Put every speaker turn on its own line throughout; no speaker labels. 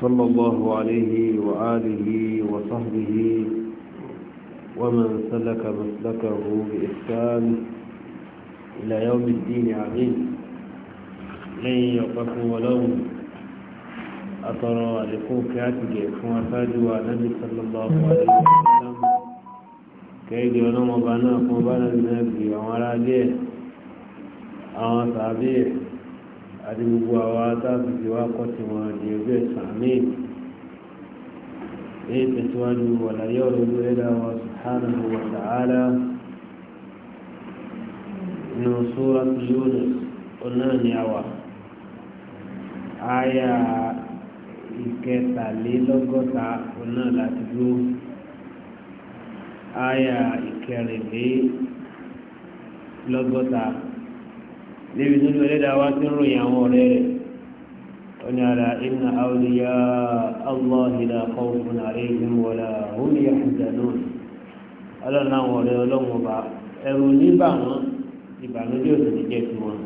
صلى الله عليه وآله وصحبه ومن سلك مسلكه بإحسان إلى يوم الدين عظيم لن يقف ولوم أترى لكم كما فمفاد النبي صلى الله عليه وسلم كيد ونوم بنا بنا النبي ومراجيه أو صابيه àti gbogbo àwa táàbù ti wá kọ́ ti wọn di ojú ẹ̀sán míì èyí tẹ̀síwájú wàlàyé ọ̀rọ̀ ojú ẹ̀dá wa subhanahu wa ta'ala nínú suratu Yunus ọ̀nà ni a wà áyà ìkẹtàlélọ́gọ́ta ọ̀nà láti dúró áyà ìkẹrìnlélọ́gọ́ta níbi tó ní ẹlẹ́dàá wá sí ròyìn àwọn ọ̀rẹ́ rẹ̀ ó ní ara inna awliya allahi la khawfun alayhim wa la hum yahzanun ọlọ́run àwọn ọ̀rẹ́ ọlọ́run ọba ẹ̀rù níbà wọn ìbànújẹ́ òsì ní jẹ́ tiwọn.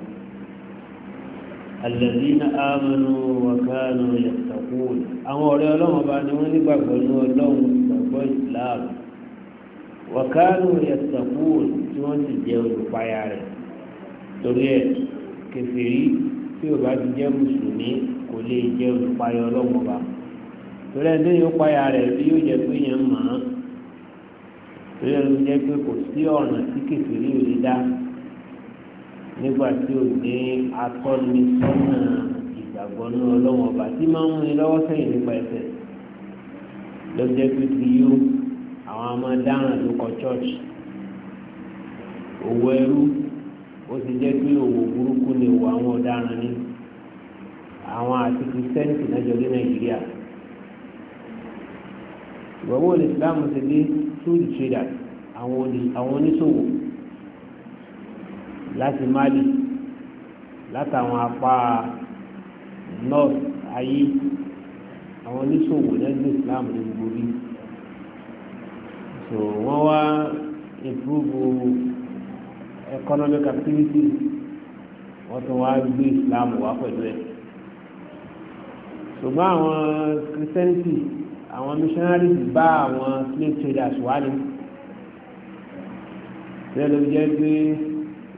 alladhina amanu wa kanu àwọn ọ̀rẹ́ ọlọ́run ọba ni wọ́n nígbàgbọ́ ní ọlọ́run ìgbàgbọ́ ìsìláàmù wa kanu tí wọ́n sì jẹ́ olùpayà rẹ̀ torí ẹ kèfèrí tí o bá ti jẹ́ mùsùlùmí kò lè jẹ́ olùpayọ ọlọ́run ọba torí ẹ ní yóò payà rẹ̀ bí yóò jẹ́ pé yẹn mọ̀ ọ́n torí ẹ ló jẹ́ pé kò sí ọ̀nà tí kèfèrí ò lè dá nígbà tí o ní atọ́nisọ́nà ìgbàgbọ́ ní ọlọ́run ọba tí máa ń mú ni lọ́wọ́ sẹ́yìn nípa ẹsẹ̀ ló jẹ́ pé ti yó àwọn ọmọ ló kọ church òwò ẹrú ó ti jẹ́ pé òwò burúkú ni òwò àwọn ọ̀daràn ni àwọn àti kìrìsìtẹ́nìtì náà jọ dé nàìjíríà ìwọ́wọ́ olùsìlámù ti dé true trader àwọn oníṣòwò láti mali látàwọn apá north ayé àwọn oníṣòwò lẹ́gbẹ̀ẹ́ Islamu ní gbogbo bí so wọ́n wá improve economic activity wọ́n tún wá gbé Islam wá pẹ̀lú ẹ̀ ṣùgbọ́n àwọn Christianity àwọn missionaries bá àwọn slave traders wá ní bẹ́ẹ̀ ló jẹ́ pé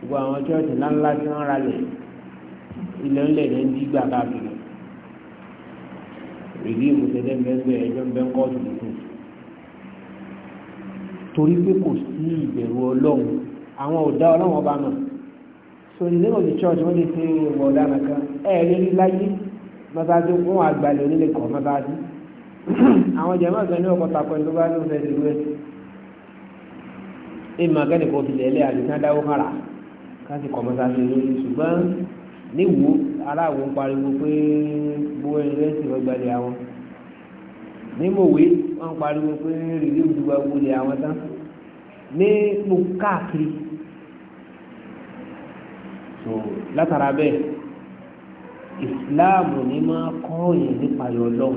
gbogbo àwọn church ńláńlá tí wọ́n ra lẹ̀ ilẹ̀ ńlẹ̀ ní gbígbà káàkiri rèdí ìmùtẹ́lẹ́ mẹ́gbẹ́ ẹjọ́ ń bẹ́ ń kọ́ọ̀tù nìkan torí pé kò sí ìbẹ̀rù ọlọ́run àwọn ọ̀dá ọlọ́wọ́n ọba mọ̀ so ilé òní church wọ́n lè fi wọ̀ ọ̀daràn kan ẹ̀ẹ́rẹ́ rí láyé mọ́sáájú fún àgbàlẹ̀ onílé kọ̀ mọ́sáájú àwọn jẹ̀mọ́ ọ̀sán ní ọkọ̀ takọ̀ ní tó bá lóun fẹ́ ti wé ìmọ̀ akẹ́ni kò tilẹ̀ ẹlẹ́ àdìsán dáwó hàrà káàsì kọ̀ mọ́sáájú lórí ṣùgbọ́n níwò aláwo ń pariwo pé gbowó ẹ̀rẹ́ sì fẹ́ gbalẹ̀ àwọn nímòwe so látara bẹ́ẹ̀ ìsìláàmù ni máa kọ́ yẹn nípa yọ lọ́wọ́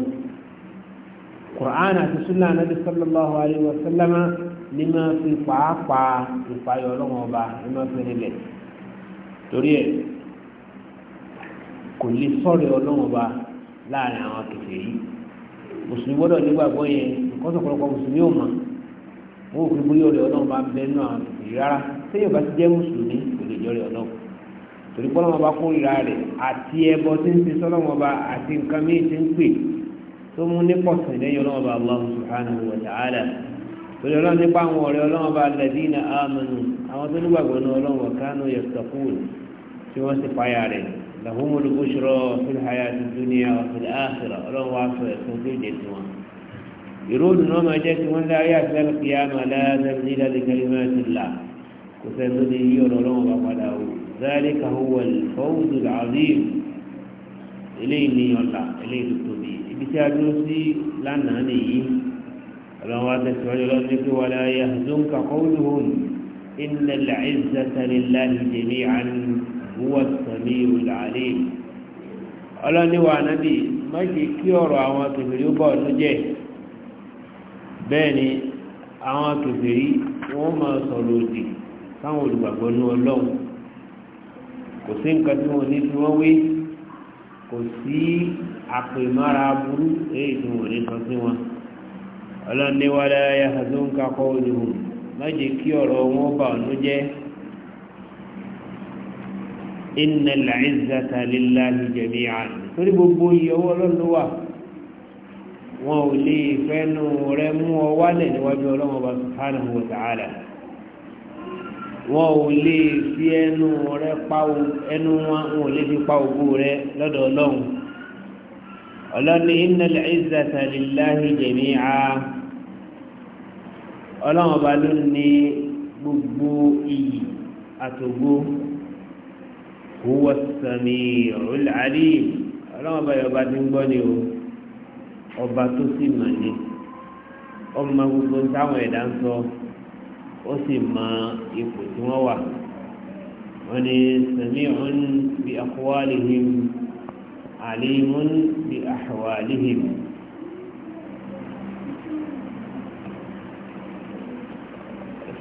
qur'an àti sunnah nabi sallallahu alayhi wa sallam ni máa fi pàápàá ìpayọ ọlọ́wọ́n ọba ni máa fi rinlẹ̀ torí ẹ̀ kò lè sọ̀rọ̀ ọlọ́wọ́n ọba láàrin àwọn kẹfẹ́ yìí mùsùlùmí gbọ́dọ̀ nígbàgbọ́ yẹn nǹkan mùsùlùmí ò mọ̀ wọ́n ò fi bóyá ọ̀rẹ́ ọlọ́wọ́n bá bẹ́ẹ̀ nù rárá sẹ́yìn ọba ti jẹ́ mùsùlùmí kò lè jọ́rẹ́ ọlọ́wọ́ torí pọ́n ọba kórìíra rẹ̀ àti ẹbọ tí ń ṣe sọ́nà ọba àti nǹkan míì tí ń pè tó mú ní pọ̀sìn lẹ́yìn ọlọ́run ọba Allah subhanahu wa ta'ala torí ọlọ́run nípa àwọn ọ̀rẹ́ ọlọ́run ọba alladhina amanu àwọn tó nígbàgbọ́ ní ọlọ́run wa kanu yattaqun tí wọ́n sì fáyà rẹ̀ lahumul bushra fil hayati dunya wa fil akhirah ọlọ́run wa kò sẹ́ni tó lè yí ọ̀rọ̀ ọlọ́run ọba padà wò ذلك هو الفوز العظيم eléyìí ni ọ̀la eléyìí tó tóbi ibi tí a dúró sí lánàá nìyí ọlọ́run wa tẹ̀síwájú lọ́dún ní pé wala yahzunka qawluhum innal izzata lillahi jami'an huwa as-sami'ul 'alim ọlọ́run ní wa nábì má ṣe kí ọ̀rọ̀ àwọn kèfèrí ó bọ̀ ọdún jẹ́ bẹ́ẹ̀ ni àwọn kèfèrí wọ́n máa sọ̀rọ̀ òdì sáwọn olùgbàgbọ́ ní ọlọ́run kò sí nǹkan tí wọ́n ní fi wọ́n wé kò sí àpèmára burú èyí tí wọ́n ní kan sí wọn ọlọ́niwálá yahazunka qawluhum má jẹ́ kí ọ̀rọ̀ wọn bà ọ́nú jẹ́ innal izzata lillahi jami'an torí gbogbo iye ọwọ́ ọlọ́run wọn ò lè fẹ́nu rẹ mú ọ wálẹ̀ níwájú ọlọ́run ọba subhanahu wọn ò lè fi ẹnu rẹ pa ẹnu wọn wọn ò lè fi pa ògbó rẹ lọ́dọ̀ ọlọ́run ọlọ́ni innal izzata lillahi jami'a ọlọ́run ọba ló ní gbogbo iyì àtògbó huwa as-sami'ul 'alim ọlọ́run ọba yọba ti ń gbọ́ ni o ọba tó sì mà ní ọmọ gbogbo táwọn ẹ̀dá ń sọ. So ó sì mọ ipò tí wọ́n wà wọ́n ní sami'un bi aqwalihim alimun bi ahwalihim.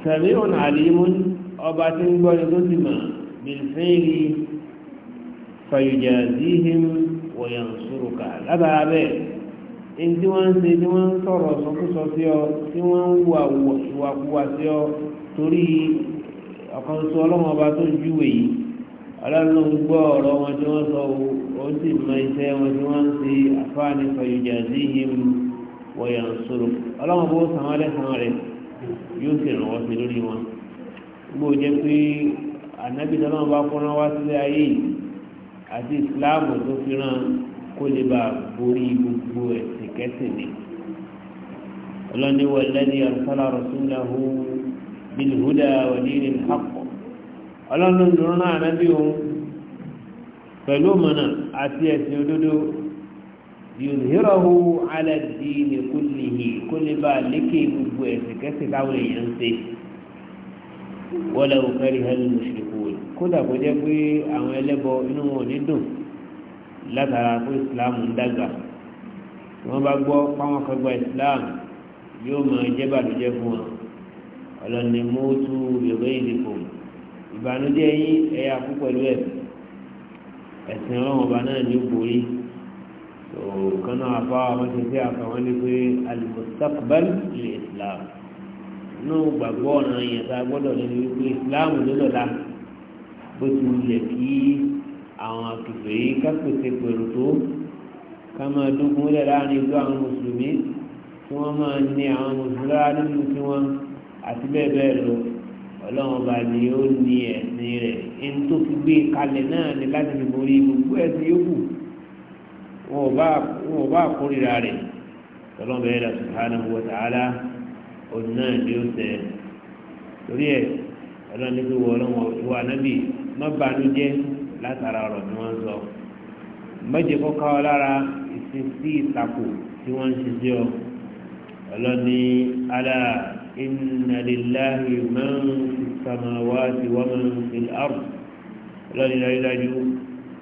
sami'un alimun ọba tí ń gbọ́ ni tó sì mọ̀ fayujazihim wa yansuruka lábàá bẹ́ẹ̀. èyí tí wọ́n ń ṣe tí wọ́n ń sọ̀rọ̀ sọkúsọ sí ọ tí wọ́n ń wà wùwàkúwà sí ọ torí ọ̀kan sọ tó ń júwe yìí ọlọ́run gbọ́ ọ̀rọ̀ wọn tí wọ́n sọ ó sì mọ iṣẹ́ wọn tí wọ́n ń ṣe àfáàní fọyọjà sí ìhìn wọ̀yàn sọ̀rọ̀ ọlọ́run bó sàn wọ́n lẹ́sàn-án rẹ̀ yóò sì ràn wọ́n sí lórí wọn kẹ́sìn ni ọlọ́ni wọ lẹ́ni ọ̀sán àrùsúnlẹ̀hu bilhuda wà ní ilé àpọ̀ ọlọ́ni lọ́nà ànábì òun pẹ̀lú mọ̀nà àti ẹ̀sìn òdodo yòlhírọ̀hu alẹ́dì ní kúlìhì kó lè bá lékè gbogbo ẹ̀sìn kẹ́sìn táwọn èèyàn ń ṣe wọ́lá òkèrè hẹ́lì mùsùlùkù kódà kó jẹ́ pé àwọn ẹlẹ́bọ inú wọn ò ní dùn látara pé ìsìlámù ń dàgbà wọ́n bá gbọ́ páwọn kan gba islam yóò máa jẹ́ bàlújẹ́ fún wọn ọlọ́ni mọ́tò yorùbá ìdìbò ìbànújẹ́ yín ẹ̀yà kú pẹ̀lú ẹ̀ ẹ̀sìn ọlọ́run ọba náà ní borí kan náà afá wọn ti fi àkàwọn ní pé alimustakbal lè islam inú gbàgbọ́ ọ̀nà yẹn tá a gbọ́dọ̀ lè ní wípé islam ló lọ́la bó ti wulẹ̀ kí àwọn akẹfẹ́ yìí kápẹ́sẹ̀ pẹ̀lú tó ká máa dúnkún lẹ̀ láàrin ìlú àwọn mùsùlùmí kí wọ́n máa ní àwọn mùsùlùmí lára nínú tí wọ́n àti bẹ́ẹ̀ bẹ́ẹ̀ lọ ọlọ́run ọba ni ó ní ẹ̀sìn rẹ̀ ẹni tó fi gbé kalẹ̀ náà ni láti fi borí gbogbo ẹ̀sìn yòókù wọn ò bá kórìíra rẹ̀ ọlọ́run bẹ̀rẹ̀ dà subhanahu wa ta'ala òun náà ni ó tẹ̀ torí ẹ̀ ọlọ́run ní kí wọ́n ọlọ́run ìwà anábì má bàánú jẹ́ látara ọ̀rọ̀ tí wọ́n ń sọ mẹ́jẹ̀ kọ́kọ́ lára ṣe sí ìtakò tí wọ́n ń ṣe sí ọ ọlọ́ni alá inna lillahi man fi samawati wa man fil ard ọlọ́ni dájúdájú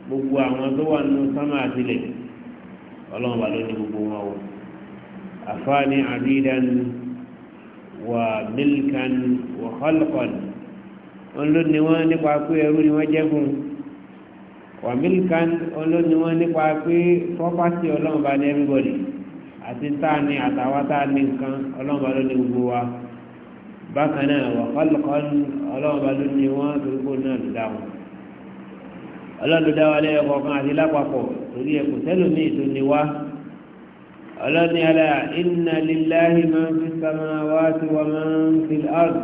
gbogbo àwọn tó wà nínú sámà àtìlẹ̀ ọlọ́run bá lóní gbogbo wọn o àfáàní àbídán wà mílkan wà khalqan wọn lóní wọn nípa pé ẹrú ni wọ́n jẹ́ fún un wàmílìkan olóni wọn nípa pé property ọlọ́run bá ní everybody àti táàní àtàwọn táàní nǹkan ọlọ́run bá ló ní gbogbo wa bákan náà wà kọ́lùkọ́n ọlọ́run bá ló ní wọn torí kó náà ló dá wọn ọlọ́run kọ̀ọ̀kan àti lápapọ̀ torí ẹ̀ kò sẹ́lòmíì tó ní wá ọlọ́ni alá iná líláhì máa fi sàmà wá tí wọ́n máa ń fi ard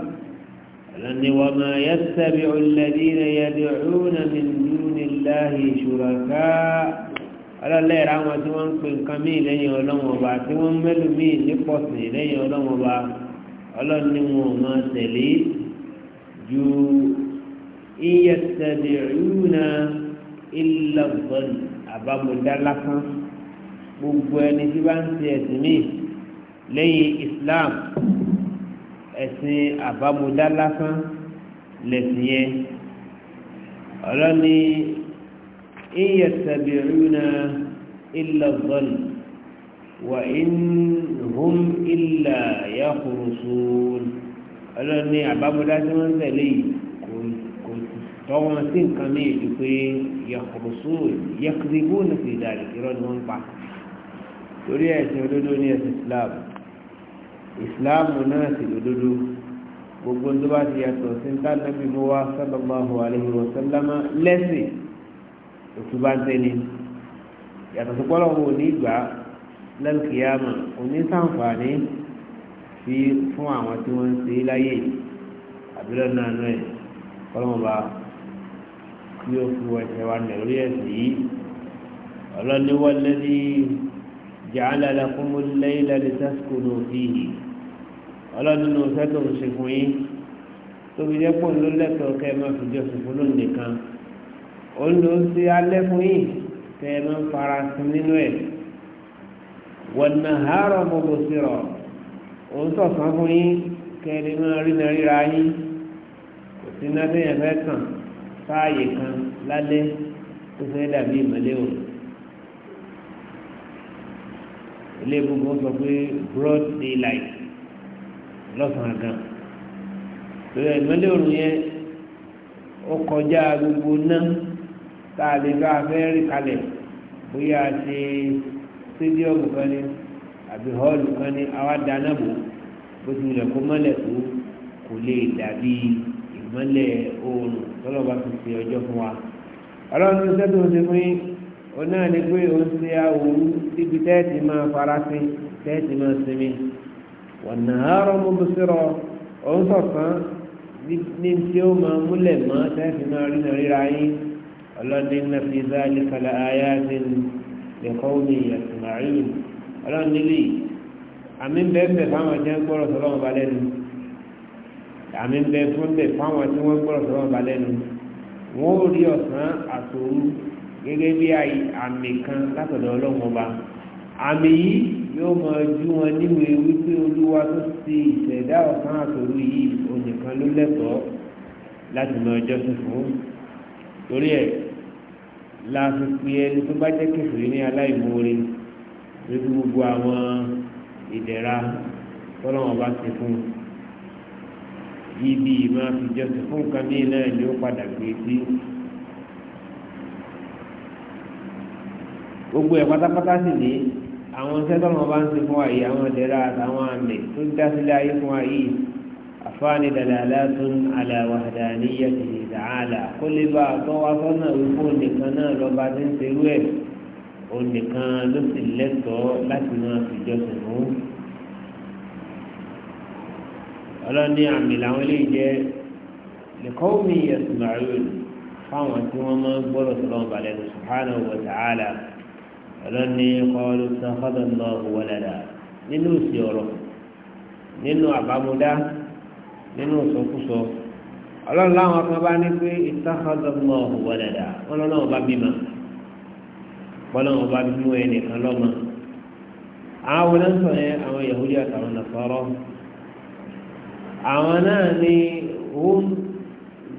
ọlọ́ni wọ́n máa yẹ láàyè ṣùràká ọlọ́lẹ́ra wọn tí wọ́n ń pè nǹkan míì lẹ́yìn ọlọ́wọ́n ọba tí wọ́n ń mẹ́lò míì nípọ̀sìn lẹ́yìn ọlọ́wọ́n ọba ọlọ́ni wọn ò máa tẹ̀lé ju iye tẹ̀lé ìrúnà ìlọ̀gbọ̀n àbámọ̀dá lásán gbogbo ẹni tí bá ń ṣe ẹ̀sìn míì lẹ́yìn Islam ẹ̀sìn àbámọ̀dá lẹ̀sìn yẹn ọlọ́ni. إن يتبعون إلا الظن وإن هم إلا يخرصون ọlọ́ni àbábọ́dá tí wọ́n ń tẹ̀lé kò tọ́wọ́n sí nǹkan ní èdè pé yẹ̀kùrùsùn yẹ̀kùrìbù ní ti dàrí irọ́ ni wọ́n ń pa torí ẹ̀sìn òdodo ní ẹ̀sìn Islam Islam náà sì lòdodo gbogbo ń tó bá ti yàtọ̀ sí ń tá nàbì mú wa sallallahu alaihi wa sallama lẹ́sìn òtún bá ń tẹ́lẹ̀ yàtọ̀ sí pọ́lọ́ wo ní ìgbà lẹ́lùkìyàmọ̀ onísàǹfààní sí fún àwọn tí wọ́n ń ṣe láyè àbílẹ̀ náà nù ẹ̀ kọ́lọ́mọba kí ó fi wọ́n ṣe wá nà lórí ẹ̀sìn yìí ọlọ́niwọ́lẹ́ ní jàǹdà lẹ́kùnmú lẹ́yìnlá lè sẹ́sìkò ní òfin yìí ọlọ́nínú sẹ́tò ń ṣe fún yín tóbi jẹ́ pọ̀ ló kẹ́ ẹ má fi jọ́sìn fún lónìí kan òun si ń ṣe alẹ́ fún yìí tẹ́ ẹ máa ń fara sí nínú ẹ̀ wọ́n na hàárọ̀ gbogbo sí rọ̀ òun sọ̀sán fún yín kẹ́ ẹ lè máa rí na ríra yín kò sí iná tẹ́yẹ̀ fẹ́ tàn sáàyè kan lálẹ́ tó fẹ́ dàbí ìmọ̀lẹ́ òun. ilé gbogbo sọ pé broad daylight lọ́sàn-án gan ìmọ̀lẹ́ òun yẹn ó kọjá gbogbo náà. tá a kalẹ̀ bóyá ṣe sídíọ̀mù kan ní àbí họ́ọ̀lù kan ní àwa dáná bò bó ti wulẹ̀ kó mọ́lẹ̀ tó kò lè dàbí ìmọ́lẹ̀ oòrùn tọ́lọ̀ bá fi ṣe ọjọ́ fún wa. ọlọ́run ṣe òun náà pé òun ṣe àwòrán síbi tẹ́ẹ̀tì máa farasin tẹ́ẹ̀tì máa sinmi wọ̀nà àárọ̀ òun sọ̀kan ní tí ó máa múlẹ̀ mọ́ ọlọ́ni iná fi záàlì kalẹ̀ ayé àti lẹ́kọ́ọ̀mì yasma'in ọlọ́ni lè àmì bẹ́ẹ̀ fáwọn jẹ́ gbọ́rọ̀ sọ́lọ́ ọba lẹ́nu àmì bẹ́ẹ̀ fún bẹ́ẹ̀ fáwọn tí wọ́n gbọ́rọ̀ sọ́lọ́ ọba lẹ́nu wọ́n ó rí ọ̀sán àtòru gẹ́gẹ́ bí àmì kan látọ̀dọ̀ ọlọ́run ọba àmì yìí yóò mọ ojú wọn níwèé wípé olúwa tó ti ìṣẹ̀dá ọ̀sán àtòru yìí onìkan ló lẹ́tọ̀ọ́ láti mọ ọjọ́ tuntun torí ẹ̀ la fi pe ẹni tó bá jẹ́ kẹfìrí ní aláìmoore lójú gbogbo àwọn ìdẹ̀ra tọ́lọ́wọ́n bá ti fún un ibi ìmọ̀ àfijọ́sìn fún nǹkan bíi náà ni ó padà gbé sí. gbogbo ẹ̀ pátápátá sì ní àwọn sẹ́tọ̀lọ́wọ́n bá ń ṣe fún wa yìí àwọn ìdẹ̀ra àtàwọn àmì tó dá sílé ayé fún wa yìí fani dalalatun ala wahdaniyatihi ta'ala kó lè bá a tọ́ wa sọ́nà wípé onìkan náà lọ́ba ti ń serú ẹ̀ onìkan ló sì lẹ́tọ̀ọ́ láti máa fìjọsìn fún. ọlọ́ni àmì làwọn eléyìí jẹ́ lẹ́kọ́ọ́ mi ẹ̀sùn màrún fáwọn tí wọ́n máa ń gbọ́dọ̀ tó lọ́wọ́ balẹ̀ lọ subhanahu wa ta'ala ọlọ́ni kọ́ọ́lù sọ́kọ́dọ̀ lọ́wọ́ wọlé dà nínú ìsì ọ̀rọ̀ nínú àbámúdá nínú ìsọkúsọ ọlọ́run láwọn kan bá ní pé ìtàkàdọ́gbọ̀n ọ̀wọ́dàdà ọlọ́run ọba bímọ ọlọ́run ọba bímọ ẹnìkan lọ́mọ àwọn náà sọ yẹn àwọn yahudi àtàwọn nasọrọ àwọn náà ní wọn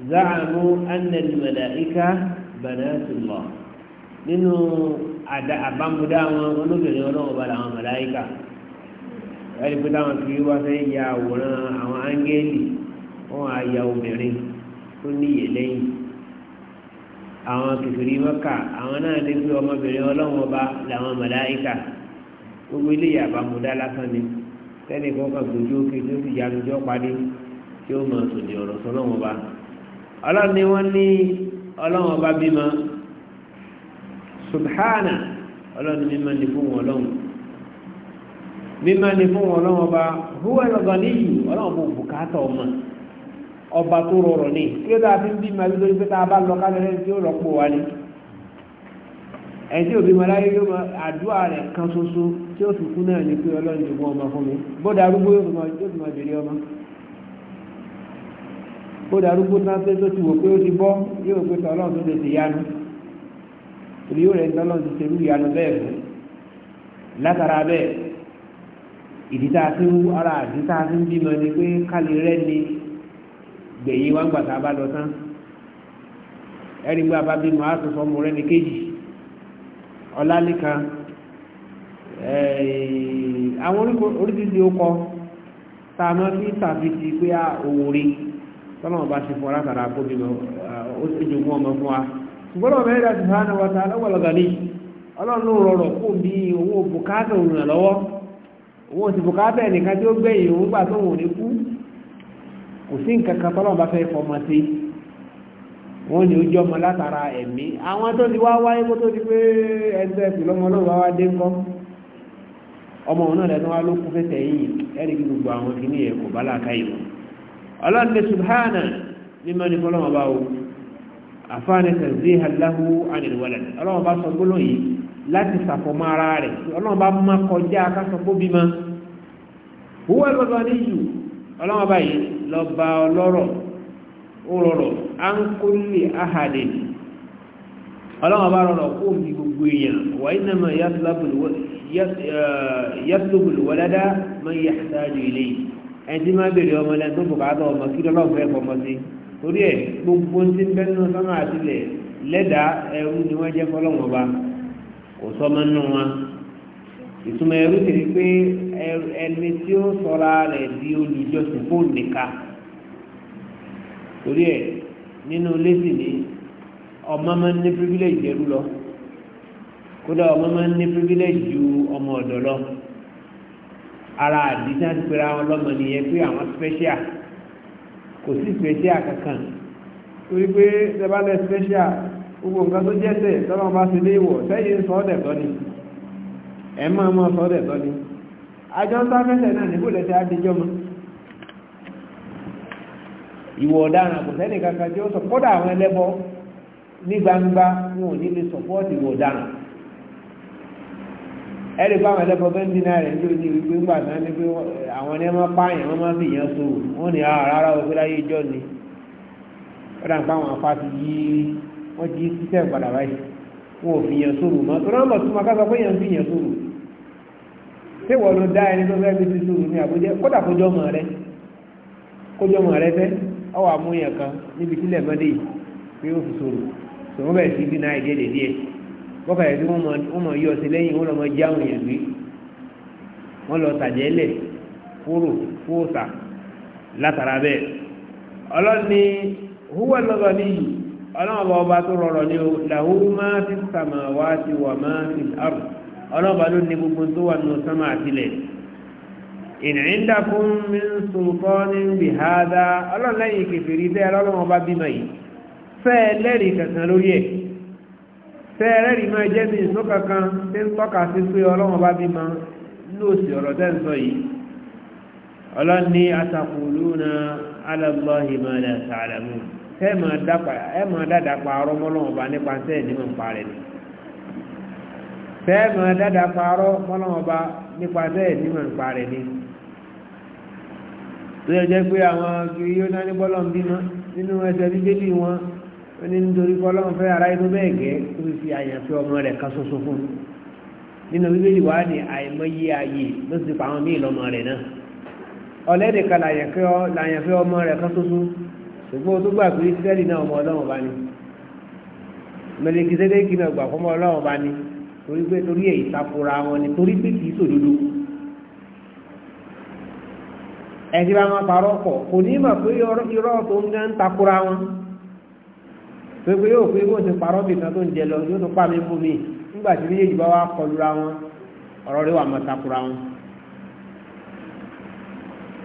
zàánú anàlùmọ̀dáìka bànátùlọ nínú àbámúdá wọn olóbìnrin ọlọ́run ọba làwọn mọ̀dáìka. ẹni pé táwọn wá fẹ́ ya àwòrán àwọn áńgẹ́lì wọn á ya obìnrin tó níyè lẹ́yìn àwọn kìfìrí mọ́kà àwọn náà lè fi ọmọbìnrin ọlọ́wọ́n ọba làwọn gbogbo ilé yàrá múdá lásán ni sẹ́ni kọ́kàn gbòjú òkè tó sì yanu jọ́ padì tí ó mọ̀ sòdì ọ̀rọ̀ sọlọ́wọ́n ọba ni wọ́n ní ọlọ́wọ́n bímọ subhana mímọ́ fún wọn mímọ́ ni fún ọlọ́wọ́n bá húwẹ́ lọ́gán níyì ọlọ́wọ́n bó bùkátà ọmọ ọba tó rọrọ̀ ní kí ló dáa fi ń bímọ ẹbí lórí pé tá a bá lọ kálẹ̀ lẹ́yìn tí ó rọ́pò wa ni ẹ̀yìn tí òbí mọ̀láyé yóò mọ àdúrà rẹ̀ kan ṣoṣo tí ó fi kú náà ni pé ọlọ́run jogún ọmọ fún mi bóda arúgbó yóò fi mọ bèrè ọmọ bóda arúgbó tán pé tó ti wò pé ó ti bọ́ yóò pé tọ́ ọlọ́run tó lè ti yanu èmi yóò rẹ̀ ń tọ́ ti ṣerú ìyanu bẹ́ẹ̀ fún látara bẹ́ẹ̀ ìdítà tí ara àdítà tí ń bímọ ni pé kálí rẹ ni gbẹ̀yìn wá ń gbà bá lọ tán ẹni rẹ ní kejì ọlá nìkan àwọn oríṣiríṣi ọkọ tá a máa fi tàbí pé a òwò tọ́lọ́mọ̀ bá ṣe fún ọ látara kó bímọ ó sì jogún ọmọ fún wa ṣùgbọ́n ọmọ ti wọ́n ta lọ́wọ́ ọlọ́run ló rọrọ̀ bùkátà owó ti bùkátà ẹnìkan tí ó gbẹ̀yìn òun gbà tó wọ́n ní kú kò sí nǹkan kan tọ́lọ́ bá fẹ́ fọmọ sí wọ́n ní ojú ọmọ látara ẹ̀mí àwọn tó ti wá wáyé kó tó di pé ẹgbẹ́ ìpìlọ́mọ náà wá wá dé ńkọ́ ọmọ òun náà lẹ́nu wá ló kú fẹ́sẹ̀ yìí ẹ̀rí kí gbogbo àwọn kìíní yẹn kò bá láàká ìwọ̀n ọlọ́run ní subhana mímọ́ ní fọlọ́mọ bá wo àfáàní sẹ̀nsì aláhu anìwọlẹ̀ ọlọ́run bá sọ gbólóyìn láti sàfọmọ́ ara rẹ̀ ọlọ́run bá má kọjá akásọ̀kó bímọ huwa al-ghaniyyu ọlọ́wọ́ báyìí lọ́ba ọlọ́rọ̀ ó rọrọ̀ an kulli ahadin ọlọ́wọ́ bá rọrọ̀ kó mi gbogbo èèyàn wa innama eh, yatlubu al-walada man yahtaju ilayhi ẹni tí máa bèrè ọmọ lẹ́nu tó bùkátà ọmọ kí lọ́lọ́gbọ́ ẹ̀fọ́ ọmọ sí torí ẹ̀ gbogbo ti ìtumọ̀ ẹrú ti rí pé ẹni tí ó sọra rẹ̀ di olùjọsìn fóònù nìka torí ẹ̀ nínú lẹ́sì ni ọmọ máa ń ní pírígílẹ̀jì ẹrú lọ kódà ọmọ máa ń ní pírígílẹ̀jì ju ọmọ ọ̀dọ̀ lọ ara àdìsá ti pera wọn lọ́mọ nìyẹn pé àwọn special kò sí special kankan torí pé sẹ́bálẹ̀ special gbogbo nǹkan tó jẹ́ sẹ́yìn tọ́lọ́mọba ti léèwọ̀ sẹ́yìn sọ́ọ́dẹ̀ tọ́ ni. ẹ máa mọ́ sọ́dẹ̀ tọ́ ni àjọ ń sáfẹ́sẹ̀ náà níbò lẹ́sẹ̀ àdíjọ́ ìwọ̀ ọ̀daràn kò sẹ́ni kankan tí ó sọ kódà àwọn ẹlẹ́bọ ní gbangba wọn ò ní lè ìwọ̀ ọ̀daràn ẹ̀rí àwọn ẹlẹ́bọ bẹ́ẹ̀ ń dínà rẹ̀ ní oní wípé pé àwọn ẹni pààyàn wọn máa fi wọn ni rárá láyé fi tí wọ́n ló dá ẹni tó fẹ́ bí ti sùúrù ní àbújẹ́ kódà kójọ́mọ̀ rẹ kójọ́mọ̀ rẹ fẹ́ ọwọ́ àmúyàn kan níbi kílẹ̀ mọ́dé yìí pé ó fi sùúrù tó wọ́n bẹ̀rẹ̀ sí bí náà ìdí èdè díẹ̀ bọ́kà yẹn tí wọ́n mọ̀ yọ sí lẹ́yìn wọ́n lọ mọ jáwọn yẹn gbé wọ́n lọ tàjẹ́lẹ̀ fúrò fúòsà látara bẹ́ẹ̀ ọlọ́ni húwà lọ́dọ̀ níyì ọlọ́run ọba tó rọrọ̀ ni o làwọn máa ti sàmà wá ti wà máa ti àrùn ọlọ́ba ló ní gbogbo tó wà nù sánmà àtìlẹ̀ ìrìndà fún mi ń sùnkọ́ ní bìhádá ọlọ́lẹ́yìn kẹfìrí tẹ́ ọlọ́wọ́n bá bímọ yìí fẹ́ lẹ́rìí kankan lórí ẹ̀ fẹ́ lẹ́rìí máa jẹ́ mi ìsún kankan tí ń tọ́ka sí pé ọlọ́wọ́n bá bímọ lóòsì ọ̀rọ̀ tẹ́ ń sọ yìí ọlọ́ni atakuluna ala Allahi ma la ta'lamun máa dàdà fẹ́ẹ̀mọ̀ dáadáa parọ́ mọ́lọ́mọba nípasẹ̀ ìdímọ̀ ìparẹ̀ ni tó yẹ jẹ́ pé àwọn kiri yóò náà ní bọ́lọ́m bímọ nínú ẹsẹ̀ bíbélì wọn ó ní nítorí bọ́lọ́m fẹ́ ara inú bẹ́ẹ̀ gẹ́ tó fi àyànfẹ́ ọmọ rẹ̀ kan ṣoṣo fún nínú bíbélì wa ní àìmọye ààyè ló ti pa àwọn míì lọ́mọ rẹ̀ náà ọlẹ́nìkan làyànfẹ́ ọmọ rẹ̀ kan ṣoṣo ṣùgbọ́n tó gbà pé sẹ́ẹ̀lì náà ọmọ ọlọ́run bá ní mẹlẹkìtẹ́lẹ́kì náà gbà fọmọ ọlọ́run bá ní torí pé torí ẹ̀ ìtakora wọn ni torí pé kìí sòdodo ẹ̀sì bá máa parọ́ pọ̀ kò ní mọ̀ pé irọ́ tó ń gán takora wọn pé pé yóò pé bó ti parọ́ bìkan tó ń jẹ lọ yóò tó pa mí fún mi nígbà tí méjèèjì bá wá kọlura wọn ọ̀rọ̀ rẹ̀ wà máa takora wọn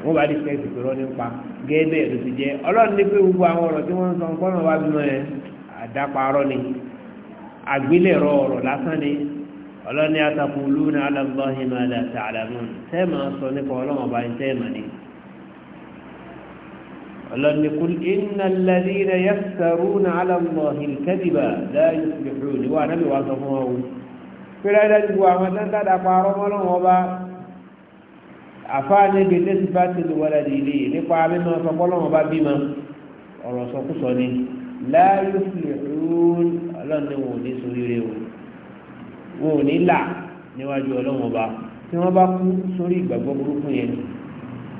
wọ́n bá di sẹ́ẹ̀sì pé rọ́ nípa gẹ́gẹ́ bẹ́ẹ̀ ló ti jẹ́ ọlọ́run ní pé gbogbo àwọn ọ̀rọ̀ tí wọ́n ń sọ ń gbọ́nà ni àgbélẹ̀rọ ọ̀rọ̀ lásán ni ọlọ́ni ataquluna ala Allahi ma la ta'lamun tẹ́ẹ̀mà sọ nípa ọlọ́run ọba tẹ́ẹ̀mà ni ọlọ́ni kul innal ladhina yaftaruna ala Allahi al-kadhiba la yuslihun níwà náà wà sọ ọ̀rọ̀ sọkúsọ ni la yuslihun ọlọ́run ní wọn ò ní soríire o wọn ò ní là níwájú ọlọ́run ọba tí wọ́n bá kú sórí ìgbàgbọ́ burúkú yẹn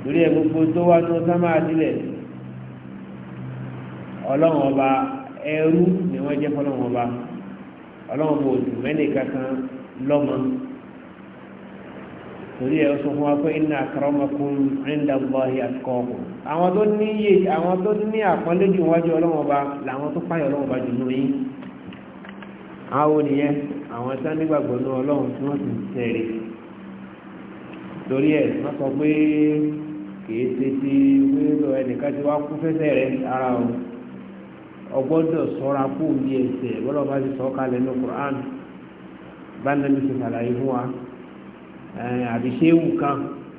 torí ẹ gbogbo tó wá tó sá máa sílẹ̀ ọlọ́run ọba ẹrú ni wọ́n jẹ́ fọlọ́run ọba ọlọ́run ọba òdù mẹ́nìkan kan lọ́mọ torí ẹ sọ fún wa pé inna akramakum inda Allahi atqakum àwọn tó ní àwọn tó ní àpọ́nlé jù wájú ọlọ́run ọba làwọn tó páyọ̀ ọlọ́run ọba jù lóyún àwọn nìyẹn àwọn tá nígbàgbọ́ ní ọlọ́run tí wọ́n ti tẹ̀lé torí ẹ̀ wọ́n sọ pé kìí ṣe ti wíwọ ẹnìkan ti wá kú fẹsẹ̀ rẹ ara o ọgbọ́dọ̀ sọ́ra kú ní ẹsẹ̀ bọ́lá bá ti sọ kalẹ̀ ní Qur'an bá ti sàlàyé fún wa àbí ṣéwù kan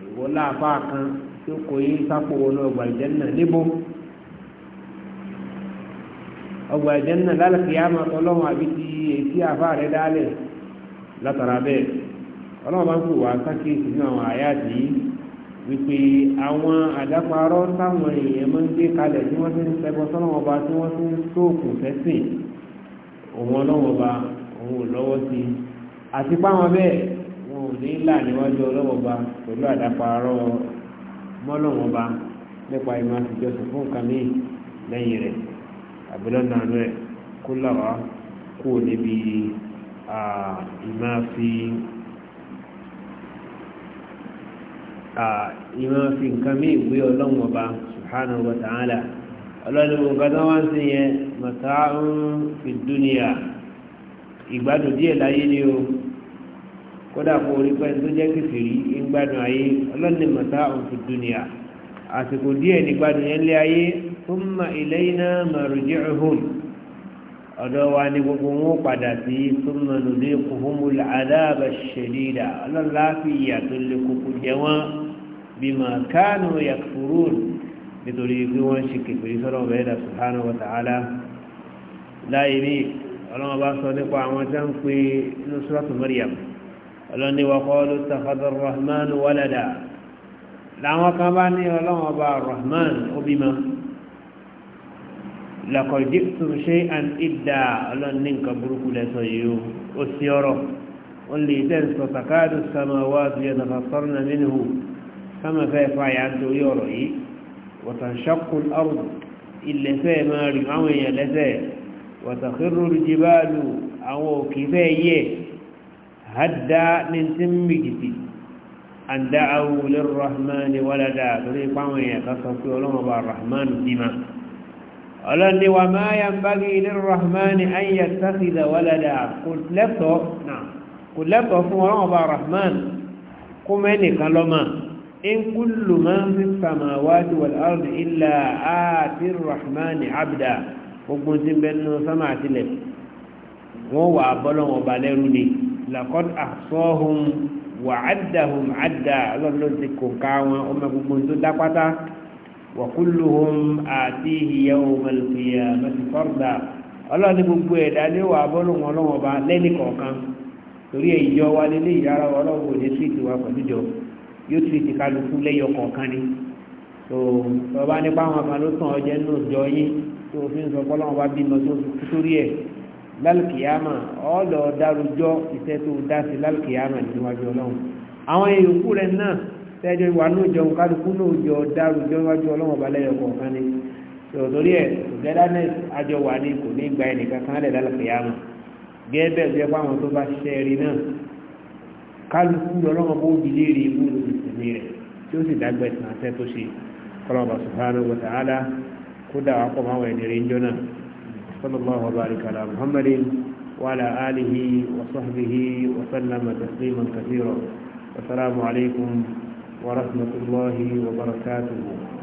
ìwọ láàfáà kan tí kò yí sápò wọnú ọgbà ìjẹ́ náà níbo ọgbà ìjẹ́nà lálẹ́kìyàmọ̀ ọlọ́run àbí ti èsì àfá rẹ̀ dálẹ̀ látara bẹ́ẹ̀ ọlọ́run bá ń pè wá sákèsì nínú àwọn àyáàtì yìí wípé àwọn àdáparọ́ táwọn èèyàn máa ń gbé kalẹ̀ tí wọ́n ti ń sẹ́gbọ́ sọ́lọ́run ọba tí wọ́n ti ń sóòkùn fẹ́sìn òun ọlọ́run ọba òun ò lọ́wọ́ sí i àti páwọn bẹ́ẹ̀ wọn ò ní là níwájú ọlọ́run ọba pẹ̀lú àdáparọ́ mọ́lọ́run ọba nípa ìmọ̀ àtijọ́ sọ fún nǹkan lẹ́yìn rẹ̀ àbílọ́nà rẹ̀ kó làwá kó níbi ìmá fi nǹkan mí ìwé ọlọ́run ọba subhanahu wa ta'ala ọlọ́run ọba tó wá ń sin yẹn mata'un fid dunya ìgbádùn díẹ̀ láyé ni o kódà kó orí pẹ́ tó jẹ́ kìfìrí ìgbádùn ayé ọlọ́run mata'un fid dunya àsìkò díẹ̀ nígbádùn yẹn lé ayé thumma ilayna marji'uhum ọ̀dọ̀ wa ni gbogbo wọn padà sí thumma nudiquhumul adhaba ash-shadida ọlọ́láfíà tó lè kókó jẹ wọn bima kanu yakfurun nítorí pé wọ́n ṣe kèfèrí sọ́dọ̀ ọ̀bẹ̀ ẹ̀dà subhanahu wa ta'ala láyé ní ọlọ́wọ́n bá sọ nípa àwọn tí ń pè ní suratu Maryam ọlọ́ni wa qalu lakọ̀dí tún ṣe àn ìdá ọlọ́ní nǹkan burúkú lẹ́sọ yìí o ó sí ọ̀rọ̀ ó lè tẹ́ ń sọ sàkáàdù sàmà wá sí ẹ̀dà fàfọ́rọ̀ náà nínú hù sàmà fẹ́ fàyà torí ọ̀rọ̀ yìí wọ̀tàn ṣọ́kùn ọ̀rùn ilẹ̀ fẹ́ máa rì máwọn èèyàn lẹ́sẹ̀ wọ̀tàn kírú jìbáàlù àwọn òkè fẹ́ yẹ hàdá ní tí ń mìgìtì àǹdá àwùlẹ̀ rahman wàlàdà torí rahman bímá ọlọ́ni wa máa yà ń bá gí ilé rahmani ayyà tàkìdà wàlàdà kò lẹ́tọ̀ fún ọlọ́wọ́ bá rahman kó mẹ́nìkan lọ́mà in kúlù máa ń fi samawati wal ardi illa àti rahmani abda ogun ti bẹnu وكلهم آتيه يوم القيامة فردا الله ní gbogbo ẹ̀dá lé wà bọ́lùmọ́ ọlọ́run ọba lẹ́nì kọ̀ọ̀kan torí ìjọ wa lélẹ́ ìyára ọlọ́run òde tíìtì wa pẹ̀lú jọ yóò tíìtì kálukú lẹ́yọ kọ̀ọ̀kan ni tó ọba nípa àwọn kan ló tàn ọjẹ́ nínú ìjọ yín tó fi ń sọ bọ́lọ́run ọba bímọ sórí ẹ̀ lálùkìyàmà ọ̀ọ́lọ́ dárújọ́ iṣẹ́ tó dá sí lálùkìyàmà níwájú ọlọ́run àwọn èèyàn kú rẹ̀ náà tẹ́jọ́ ìwà náà jọun kálukú náà jọ dárò jọ wájú ọlọ́run ọba lẹ́yọ̀ kọ̀ọ̀kan ni torí ẹ̀ togetherness àjọ wà ní kò ní gba ẹnìkan kan lẹ̀ lálùkìyà mọ̀ gẹ́gẹ́ bí ẹgbẹ́ àwọn tó bá ṣiṣẹ́ rí náà kálukú ọlọ́run ọba òbí léèrè ikú lòsìsìmí rẹ̀ tí ó sì dágbẹ́ sàn àṣẹ tó ṣe kọlọ́ọ̀bà subhanahu wa ta'ala kó dà wá pọ̀ máwọn ẹni ń jọ náà sallallahu wa barika ala muhammadin wa wa sahbihi wa sallama taslima kathira ورحمة الله وبركاته